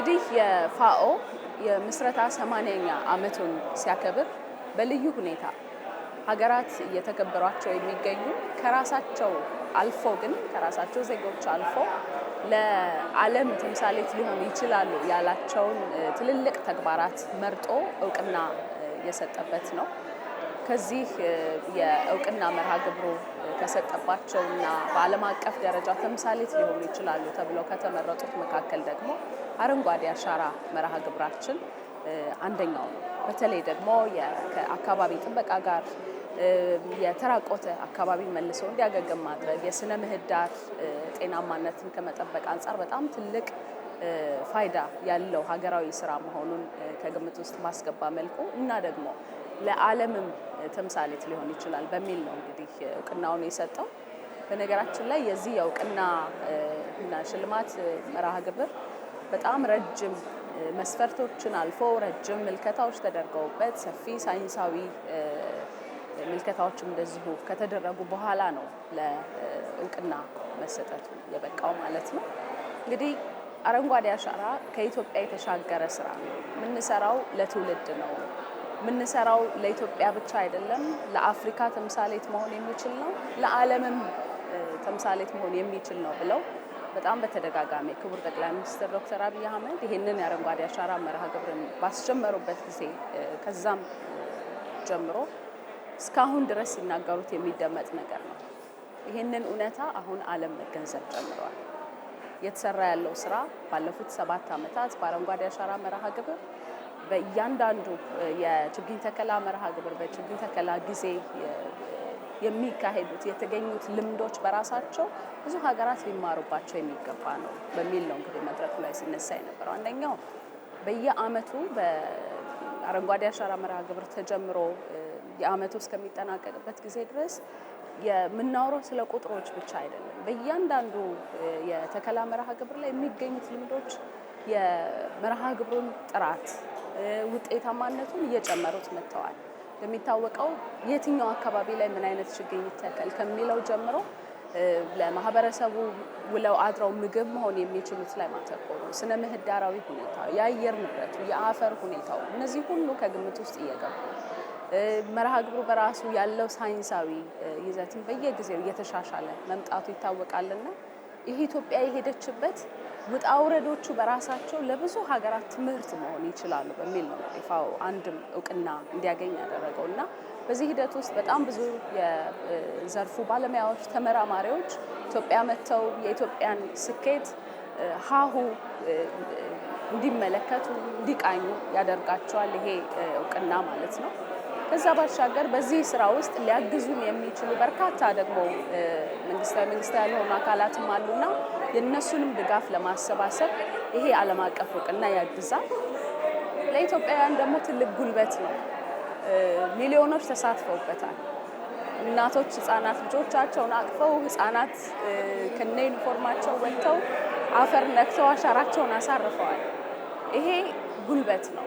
እንግዲህ የፋኦ የምስረታ ሰማንያኛ ዓመቱን ሲያከብር በልዩ ሁኔታ ሀገራት እየተከበሯቸው የሚገኙ ከራሳቸው አልፎ ግን ከራሳቸው ዜጎች አልፎ ለዓለም ተምሳሌት ሊሆኑ ይችላሉ ያላቸውን ትልልቅ ተግባራት መርጦ እውቅና የሰጠበት ነው። ከዚህ የእውቅና መርሃ ግብሩ ከሰጠባቸውና በዓለም አቀፍ ደረጃ ተምሳሌት ሊሆኑ ይችላሉ ተብለው ከተመረጡት መካከል ደግሞ አረንጓዴ አሻራ መርሃ ግብራችን አንደኛው ነው። በተለይ ደግሞ ከአካባቢ ጥበቃ ጋር የተራቆተ አካባቢ መልሶ እንዲያገግም ማድረግ የስነ ምህዳር ጤናማነትን ከመጠበቅ አንጻር በጣም ትልቅ ፋይዳ ያለው ሀገራዊ ስራ መሆኑን ከግምት ውስጥ ማስገባ መልኩ እና ደግሞ ለዓለምም ተምሳሌት ሊሆን ይችላል በሚል ነው እንግዲህ እውቅናውን የሰጠው። በነገራችን ላይ የዚህ የእውቅና እና ሽልማት መርሃ ግብር በጣም ረጅም መስፈርቶችን አልፎ ረጅም ምልከታዎች ተደርገውበት ሰፊ ሳይንሳዊ ምልከታዎችም እንደዚሁ ከተደረጉ በኋላ ነው ለእውቅና መሰጠቱ የበቃው ማለት ነው። እንግዲህ አረንጓዴ አሻራ ከኢትዮጵያ የተሻገረ ስራ ነው። የምንሰራው ለትውልድ ነው። የምንሰራው ለኢትዮጵያ ብቻ አይደለም። ለአፍሪካ ተምሳሌት መሆን የሚችል ነው፣ ለዓለምም ተምሳሌት መሆን የሚችል ነው ብለው በጣም በተደጋጋሚ ክቡር ጠቅላይ ሚኒስትር ዶክተር አብይ አህመድ ይህንን የአረንጓዴ አሻራ መርሃ ግብርን ባስጀመሩበት ጊዜ ከዛም ጀምሮ እስካሁን ድረስ ሲናገሩት የሚደመጥ ነገር ነው። ይህንን እውነታ አሁን ዓለም መገንዘብ ጀምረዋል። የተሰራ ያለው ስራ ባለፉት ሰባት ዓመታት በአረንጓዴ አሻራ መርሃ ግብር በእያንዳንዱ የችግኝ ተከላ መርሃ ግብር በችግኝ ተከላ ጊዜ የሚካሄዱት የተገኙት ልምዶች በራሳቸው ብዙ ሀገራት ሊማሩባቸው የሚገባ ነው በሚል ነው እንግዲህ መድረኩ ላይ ሲነሳ የነበረው። አንደኛው በየአመቱ በአረንጓዴ አሻራ መርሃ ግብር ተጀምሮ የአመቱ እስከሚጠናቀቅበት ጊዜ ድረስ የምናወራው ስለ ቁጥሮች ብቻ አይደለም። በእያንዳንዱ የተከላ መርሃ ግብር ላይ የሚገኙት ልምዶች የመርሃ ግብሩን ጥራት ውጤታማነቱን እየጨመሩት መጥተዋል። የሚታወቀው የትኛው አካባቢ ላይ ምን አይነት ችግኝ ይተከል ከሚለው ጀምሮ ለማህበረሰቡ ውለው አድረው ምግብ መሆን የሚችሉት ላይ ማተኮሩ፣ ስነ ምህዳራዊ ሁኔታ፣ የአየር ንብረቱ፣ የአፈር ሁኔታው፣ እነዚህ ሁሉ ከግምት ውስጥ እየገቡ መርሃ ግብሩ በራሱ ያለው ሳይንሳዊ ይዘትን በየጊዜው እየተሻሻለ መምጣቱ ይታወቃልና ይሄ ኢትዮጵያ የሄደችበት ውጣ ውረዶቹ በራሳቸው ለብዙ ሀገራት ትምህርት መሆን ይችላሉ በሚል ነው ይፋው አንድም እውቅና እንዲያገኝ ያደረገው እና በዚህ ሂደት ውስጥ በጣም ብዙ የዘርፉ ባለሙያዎች፣ ተመራማሪዎች ኢትዮጵያ መጥተው የኢትዮጵያን ስኬት ሀሁ እንዲመለከቱ፣ እንዲቃኙ ያደርጋቸዋል ይሄ እውቅና ማለት ነው። ከዛ ባሻገር በዚህ ስራ ውስጥ ሊያግዙን የሚችሉ በርካታ ደግሞ መንግስታዊ መንግስታዊ ያልሆኑ አካላትም አሉና የእነሱንም ድጋፍ ለማሰባሰብ ይሄ ዓለም አቀፍ እውቅና ያግዛል። ለኢትዮጵያውያን ደግሞ ትልቅ ጉልበት ነው። ሚሊዮኖች ተሳትፈውበታል። እናቶች ህጻናት ልጆቻቸውን አቅፈው ህጻናት ከነ ዩኒፎርማቸው ወጥተው አፈር ነክተው አሻራቸውን አሳርፈዋል። ይሄ ጉልበት ነው።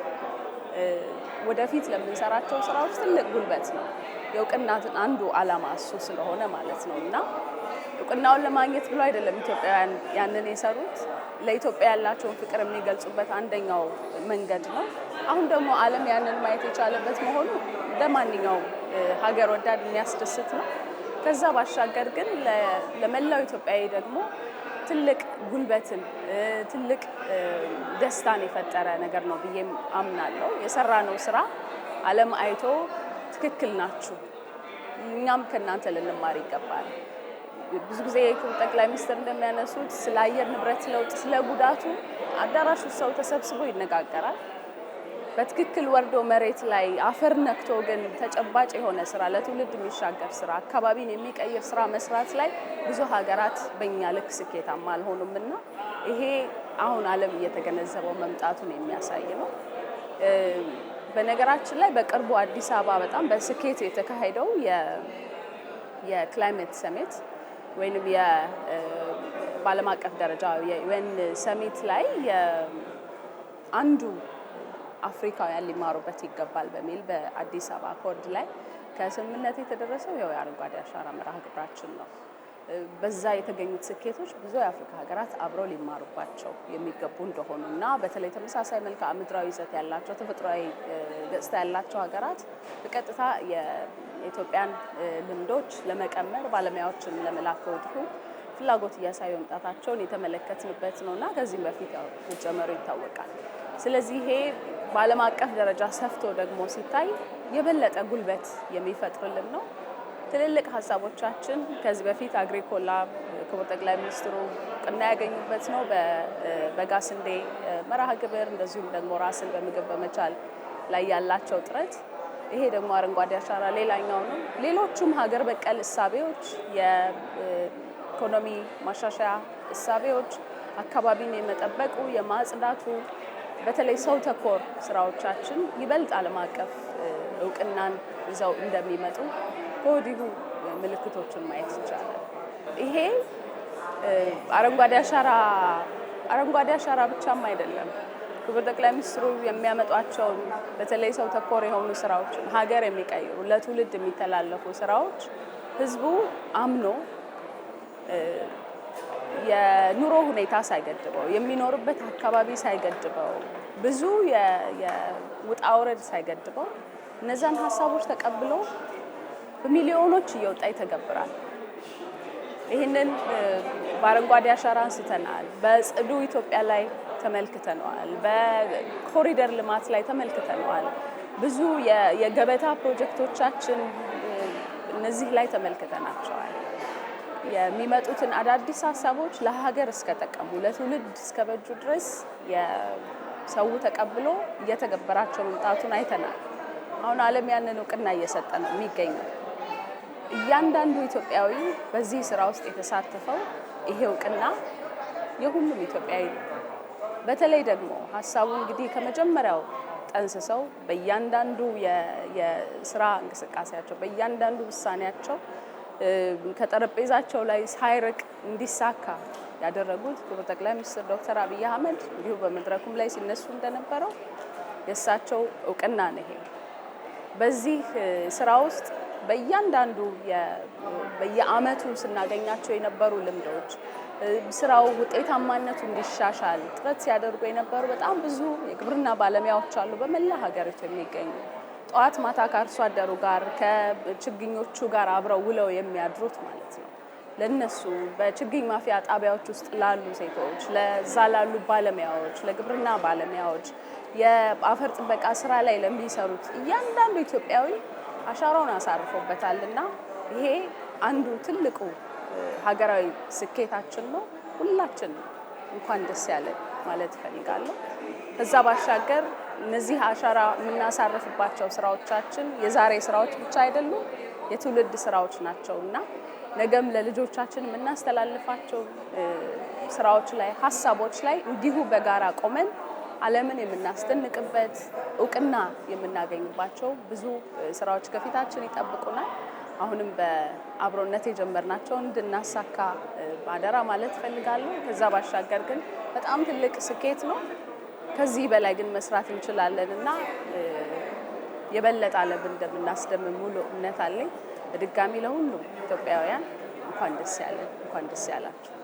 ወደፊት ለምንሰራቸው ስራዎች ትልቅ ጉልበት ነው። የእውቅናትን አንዱ አላማ እሱ ስለሆነ ማለት ነው እና እውቅናውን ለማግኘት ብሎ አይደለም ኢትዮጵያውያን ያንን የሰሩት ለኢትዮጵያ ያላቸውን ፍቅር የሚገልጹበት አንደኛው መንገድ ነው። አሁን ደግሞ ዓለም ያንን ማየት የቻለበት መሆኑ ለማንኛውም ሀገር ወዳድ የሚያስደስት ነው። ከዛ ባሻገር ግን ለመላው ኢትዮጵያዊ ደግሞ ትልቅ ጉልበትን ትልቅ ደስታን የፈጠረ ነገር ነው ብዬም አምናለሁ። የሰራነው ስራ ዓለም አይቶ ትክክል ናችሁ፣ እኛም ከእናንተ ልንማር ይገባል። ብዙ ጊዜ ክቡር ጠቅላይ ሚኒስትር እንደሚያነሱት ስለ አየር ንብረት ለውጥ ስለ ጉዳቱ አዳራሹ ሰው ተሰብስቦ ይነጋገራል። በትክክል ወርዶ መሬት ላይ አፈር ነክቶ ግን ተጨባጭ የሆነ ስራ ለትውልድ የሚሻገር ስራ አካባቢን የሚቀይር ስራ መስራት ላይ ብዙ ሀገራት በእኛ ልክ ስኬታማ አልሆኑም እና ይሄ አሁን ዓለም እየተገነዘበው መምጣቱን የሚያሳይ ነው። በነገራችን ላይ በቅርቡ አዲስ አበባ በጣም በስኬት የተካሄደው የክላይሜት ሰሜት ወይም በዓለም አቀፍ ደረጃ የዩኤን ሰሜት ላይ አንዱ አፍሪካውያን ሊማሩበት ይገባል በሚል በአዲስ አበባ አኮርድ ላይ ከስምምነት የተደረሰው ያው የአረንጓዴ አሻራ መርሃ ግብራችን ነው። በዛ የተገኙት ስኬቶች ብዙ የአፍሪካ ሀገራት አብረው ሊማሩባቸው የሚገቡ እንደሆኑ እና በተለይ ተመሳሳይ መልክዓ ምድራዊ ይዘት ያላቸው ተፈጥሯዊ ገጽታ ያላቸው ሀገራት በቀጥታ የኢትዮጵያን ልምዶች ለመቀመር ባለሙያዎችን ለመላክ ወዲሁ ፍላጎት እያሳዩ መምጣታቸውን የተመለከትንበት ነው እና ከዚህም በፊት ያው መጀመሩ ይታወቃል። ስለዚህ ይሄ በዓለም አቀፍ ደረጃ ሰፍቶ ደግሞ ሲታይ የበለጠ ጉልበት የሚፈጥርልን ነው። ትልልቅ ሀሳቦቻችን ከዚህ በፊት አግሪኮላ ክቡር ጠቅላይ ሚኒስትሩ እውቅና ያገኙበት ነው። በበጋ ስንዴ መርሃ ግብር እንደዚሁም ደግሞ ራስን በምግብ በመቻል ላይ ያላቸው ጥረት ይሄ ደግሞ አረንጓዴ አሻራ ሌላኛው ነው። ሌሎቹም ሀገር በቀል እሳቤዎች፣ የኢኮኖሚ ማሻሻያ እሳቤዎች አካባቢን የመጠበቁ የማጽዳቱ በተለይ ሰው ተኮር ስራዎቻችን ይበልጥ ዓለም አቀፍ እውቅናን ይዘው እንደሚመጡ ከወዲሁ ምልክቶችን ማየት ይቻላል። ይሄ አረንጓዴ አሻራ አረንጓዴ አሻራ ብቻም አይደለም። ክቡር ጠቅላይ ሚኒስትሩ የሚያመጧቸውን በተለይ ሰው ተኮር የሆኑ ስራዎችን ሀገር የሚቀይሩ ለትውልድ የሚተላለፉ ስራዎች ህዝቡ አምኖ የኑሮ ሁኔታ ሳይገድበው የሚኖርበት አካባቢ ሳይገድበው ብዙ የውጣ ውረድ ሳይገድበው እነዛን ሀሳቦች ተቀብሎ በሚሊዮኖች እየወጣ ይተገብራል። ይህንን በአረንጓዴ አሻራ አንስተናል። በጽዱ ኢትዮጵያ ላይ ተመልክተነዋል። በኮሪደር ልማት ላይ ተመልክተነዋል። ብዙ የገበታ ፕሮጀክቶቻችን እነዚህ ላይ ተመልክተናቸዋል። የሚመጡትን አዳዲስ ሀሳቦች ለሀገር እስከጠቀሙ ለትውልድ እስከበጁ ድረስ ሰው ተቀብሎ እየተገበራቸው መምጣቱን አይተናል። አሁን ዓለም ያንን እውቅና እየሰጠ ነው የሚገኘው። እያንዳንዱ ኢትዮጵያዊ በዚህ ስራ ውስጥ የተሳተፈው ይሄ እውቅና የሁሉም ኢትዮጵያዊ ነው። በተለይ ደግሞ ሀሳቡ እንግዲህ ከመጀመሪያው ጠንስሰው በእያንዳንዱ የስራ እንቅስቃሴያቸው በእያንዳንዱ ውሳኔያቸው ከጠረጴዛቸው ላይ ሳይርቅ እንዲሳካ ያደረጉት ክቡር ጠቅላይ ሚኒስትር ዶክተር አብይ አህመድ እንዲሁ በመድረኩም ላይ ሲነሱ እንደነበረው የእሳቸው እውቅና ነው። ይሄ በዚህ ስራ ውስጥ በእያንዳንዱ በየአመቱ ስናገኛቸው የነበሩ ልምዶች ስራው ውጤታማነቱ እንዲሻሻል ጥረት ሲያደርጉ የነበሩ በጣም ብዙ የግብርና ባለሙያዎች አሉ በመላ ሀገሪቱ የሚገኙ ጠዋት ማታ ከአርሶ አደሩ ጋር ከችግኞቹ ጋር አብረው ውለው የሚያድሩት ማለት ነው። ለነሱ በችግኝ ማፍያ ጣቢያዎች ውስጥ ላሉ ሴቶች፣ ለዛ ላሉ ባለሙያዎች፣ ለግብርና ባለሙያዎች፣ የአፈር ጥበቃ ስራ ላይ ለሚሰሩት እያንዳንዱ ኢትዮጵያዊ አሻራውን አሳርፎበታል እና ይሄ አንዱ ትልቁ ሀገራዊ ስኬታችን ነው። ሁላችን እንኳን ደስ ያለን ማለት እፈልጋለሁ። ከዛ ባሻገር እነዚህ አሻራ የምናሳርፍባቸው ስራዎቻችን የዛሬ ስራዎች ብቻ አይደሉም፣ የትውልድ ስራዎች ናቸው እና ነገም ለልጆቻችን የምናስተላልፋቸው ስራዎች ላይ ሀሳቦች ላይ እንዲሁ በጋራ ቆመን ዓለምን የምናስደንቅበት እውቅና የምናገኝባቸው ብዙ ስራዎች ከፊታችን ይጠብቁናል። አሁንም በአብሮነት የጀመርናቸው እንድናሳካ ባደራ ማለት እፈልጋለሁ። ከዛ ባሻገር ግን በጣም ትልቅ ስኬት ነው። ከዚህ በላይ ግን መስራት እንችላለን እና የበለጠ ዓለም እንደምናስደምም ሙሉ እምነት አለኝ። በድጋሚ ለሁሉም ኢትዮጵያውያን እንኳን ደስ ያለን፣ እንኳን ደስ ያላችሁ።